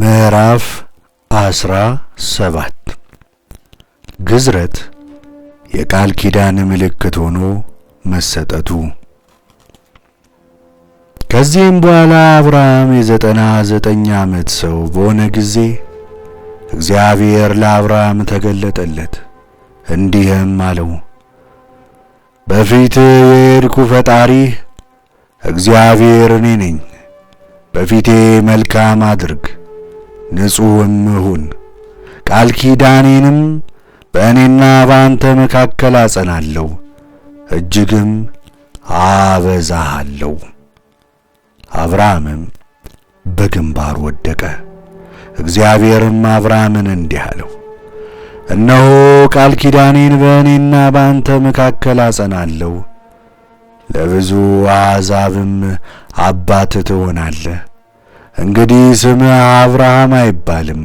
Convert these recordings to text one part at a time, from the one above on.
ምዕራፍ አስራ ሰባት ግዝረት የቃል ኪዳን ምልክት ሆኖ መሰጠቱ። ከዚህም በኋላ አብርሃም የዘጠና ዘጠኝ ዓመት ሰው በሆነ ጊዜ እግዚአብሔር ለአብርሃም ተገለጠለት፣ እንዲህም አለው በፊትህ የሄድኩ ፈጣሪህ እግዚአብሔር እኔ ነኝ። በፊቴ መልካም አድርግ ንጹሕም ሁን፣ ቃል ኪዳኔንም በእኔና በአንተ መካከል አጸናለሁ፣ እጅግም አበዛሃለሁ። አብርሃምም በግንባር ወደቀ። እግዚአብሔርም አብርሃምን እንዲህ አለው፣ እነሆ ቃል ኪዳኔን በእኔና በአንተ መካከል አጸናለሁ፣ ለብዙ አሕዛብም አባት ትሆናለህ። እንግዲህ ስምህ አብርሃም አይባልም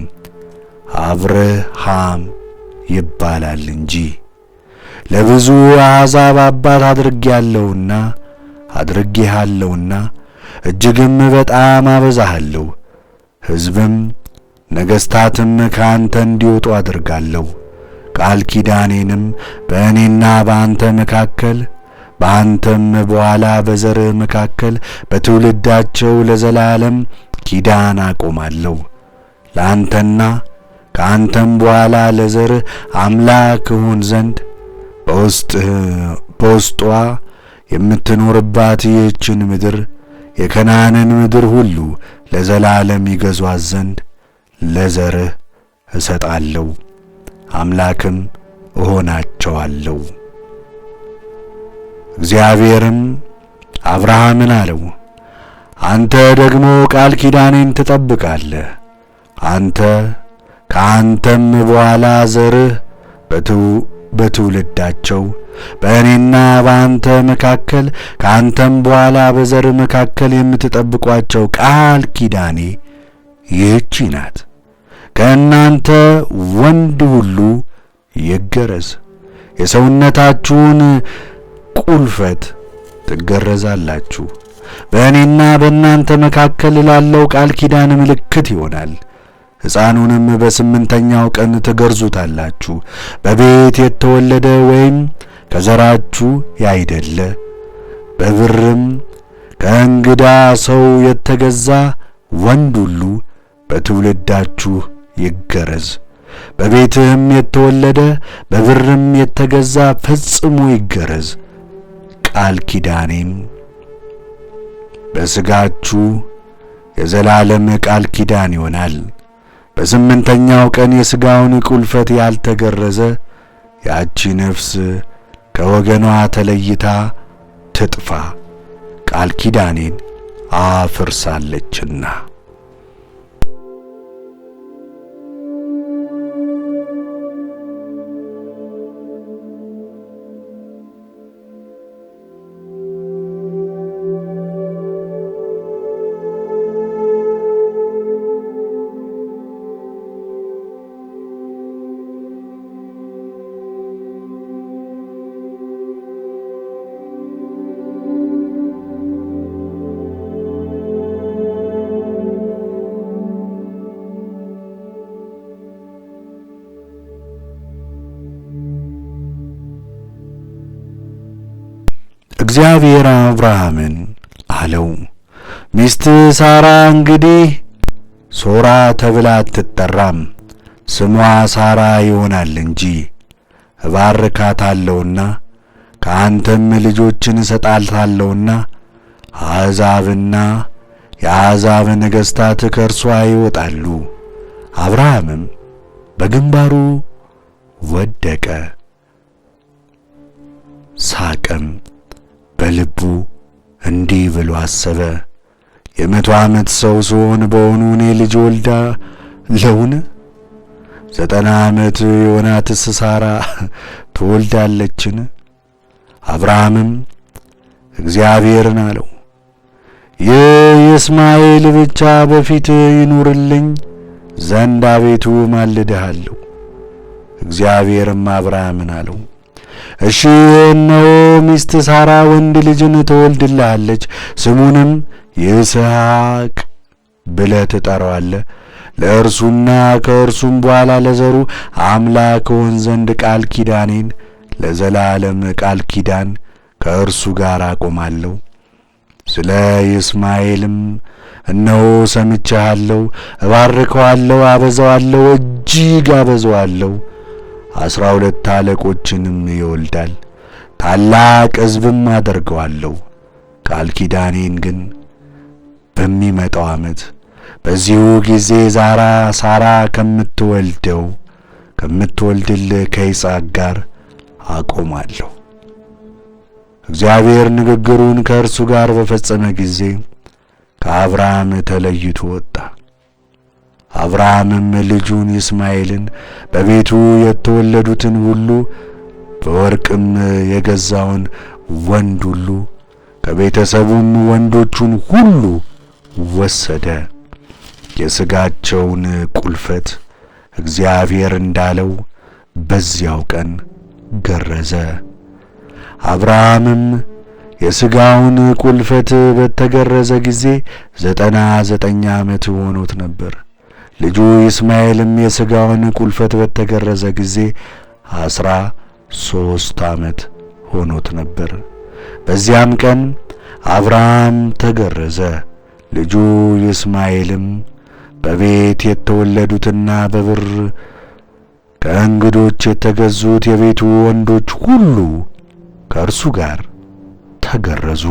አብርሃም ይባላል እንጂ ለብዙ አሕዛብ አባት አድርጌያለሁና አድርጌሃለሁና እጅግም በጣም አበዛሃለሁ። ሕዝብም ነገሥታትም ከአንተ እንዲወጡ አድርጋለሁ። ቃል ኪዳኔንም በእኔና በአንተ መካከል በአንተም በኋላ በዘርህ መካከል በትውልዳቸው ለዘላለም ኪዳን አቆማለሁ ለአንተና ከአንተም በኋላ ለዘርህ አምላክ እሆን ዘንድ በውስጧ የምትኖርባት ይህችን ምድር የከናንን ምድር ሁሉ ለዘላለም ይገዟት ዘንድ ለዘርህ እሰጣለሁ፣ አምላክም እሆናቸዋለሁ። እግዚአብሔርም አብርሃምን አለው አንተ ደግሞ ቃል ኪዳኔን ትጠብቃለህ። አንተ ከአንተም በኋላ ዘርህ በትውልዳቸው በእኔና በአንተ መካከል ከአንተም በኋላ በዘር መካከል የምትጠብቋቸው ቃል ኪዳኔ ይህች ናት። ከእናንተ ወንድ ሁሉ ይገረዝ፣ የሰውነታችሁን ቁልፈት ትገረዛላችሁ። በእኔና በእናንተ መካከል ላለው ቃል ኪዳን ምልክት ይሆናል። ሕፃኑንም በስምንተኛው ቀን ትገርዙታላችሁ። በቤት የተወለደ ወይም ከዘራችሁ ያይደለ በብርም ከእንግዳ ሰው የተገዛ ወንድ ሁሉ በትውልዳችሁ ይገረዝ። በቤትህም የተወለደ በብርም የተገዛ ፈጽሞ ይገረዝ። ቃል ኪዳኔም በሥጋችሁ የዘላለም ቃል ኪዳን ይሆናል። በስምንተኛው ቀን የሥጋውን ቁልፈት ያልተገረዘ ያቺ ነፍስ ከወገኗ ተለይታ ትጥፋ፣ ቃል ኪዳኔን አፍርሳለችና። እግዚአብሔር አብርሃምን አለው፣ ሚስት ሳራ እንግዲህ ሶራ ተብላ አትጠራም፣ ስሟ ሳራ ይሆናል እንጂ እባርካታለውና ከአንተም ልጆችን እሰጣልታለውና አሕዛብና የአሕዛብ ነገሥታት ከእርሷ ይወጣሉ። አብርሃምም በግንባሩ ወደቀ፣ ሳቀም። በልቡ እንዲህ ብሎ አሰበ። የመቶ ዓመት ሰው ስሆን በሆኑ እኔ ልጅ ወልዳ ለውን ዘጠና ዓመት የሆናትስ ሳራ ትወልዳለችን? አብርሃምም እግዚአብሔርን አለው፣ ይህ የእስማኤል ብቻ በፊት ይኑርልኝ ዘንድ አቤቱ ማልድሃለሁ። እግዚአብሔርም አብርሃምን አለው እሺ እነሆ ሚስት ሳራ ወንድ ልጅን ትወልድልሃለች፣ ስሙንም ይስሐቅ ብለህ ትጠራዋለህ። ለእርሱና ከእርሱም በኋላ ለዘሩ አምላክ ሆን ዘንድ ቃል ኪዳኔን ለዘላለም ቃል ኪዳን ከእርሱ ጋር አቆማለሁ። ስለ ይስማኤልም እነሆ ሰምቼሃለሁ፣ እባርከዋለሁ፣ አበዛዋለሁ፣ እጅግ አበዛዋለሁ። አስራ ሁለት አለቆችንም ይወልዳል፣ ታላቅ ሕዝብም አደርገዋለሁ። ቃል ኪዳኔን ግን በሚመጣው ዓመት በዚሁ ጊዜ ዛራ ሳራ ከምትወልደው ከምትወልድል ከይስሐቅ ጋር አቆማለሁ። እግዚአብሔር ንግግሩን ከእርሱ ጋር በፈጸመ ጊዜ ከአብርሃም ተለይቶ ወጣ። አብርሃምም ልጁን ይስማኤልን በቤቱ የተወለዱትን ሁሉ በወርቅም የገዛውን ወንድ ሁሉ ከቤተሰቡም ወንዶቹን ሁሉ ወሰደ። የሥጋቸውን ቁልፈት እግዚአብሔር እንዳለው በዚያው ቀን ገረዘ። አብርሃምም የሥጋውን ቁልፈት በተገረዘ ጊዜ ዘጠና ዘጠኝ ዓመት ሆኖት ነበር። ልጁ ኢስማኤልም የሥጋውን ቁልፈት በተገረዘ ጊዜ አስራ ሦስት ዓመት ሆኖት ነበር። በዚያም ቀን አብርሃም ተገረዘ፣ ልጁ ኢስማኤልም በቤት የተወለዱትና በብር ከእንግዶች የተገዙት የቤቱ ወንዶች ሁሉ ከእርሱ ጋር ተገረዙ።